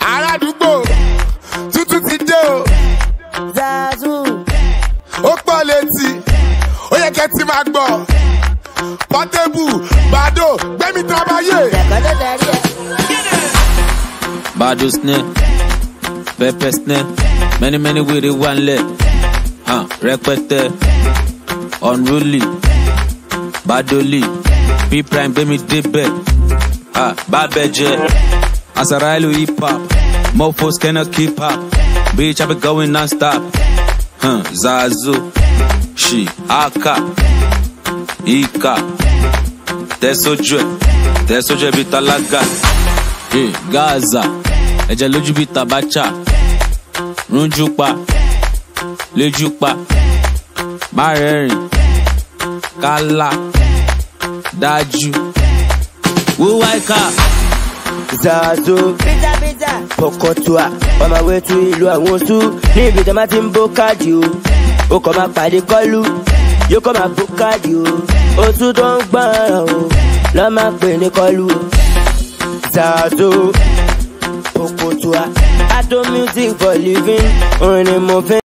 aládùúgbò tútù ti dé o. zazu. ó pọ̀ létí ó yẹ kẹ́ ti máa gbọ́. pọ́tébù bàdó gbẹ́mí tán báyé. bàdó snẹ́ pẹpẹ snẹ́ many many wèrè wà nílẹ̀ rẹpẹtẹ unruly badoli b prime gbẹ́mí débẹ̀ bá bẹ jẹ. As I rally hip hop, mofos cannot keep up. Bitch, I be going non stop. Huh, Zazu, she, Aka, Ika. That's so drip, that's so drip, it's Hey, Gaza, é de luz de bitabacha. Runjupa, Lejupa, Marerem, Kala, Daju, Uwaika. Zazo Pọ̀kọ̀tùà on my way to ìlú àwọn oṣù ní ibi a máa ti ń bó káàdì o ó kọ́ máa pàdé kọ́lù yóò kọ́ máa bó káàdì o oṣù tó ń gbọ́ràn o lọ́ máa pè ní kọ́lù o Zazo Pọ̀kọ̀tùà I do music for living orin mo fẹ́.